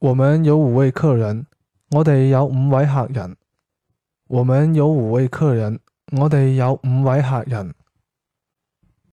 我們有五位客人，我哋有五位客人。我們有五位客人，我哋有五位客人。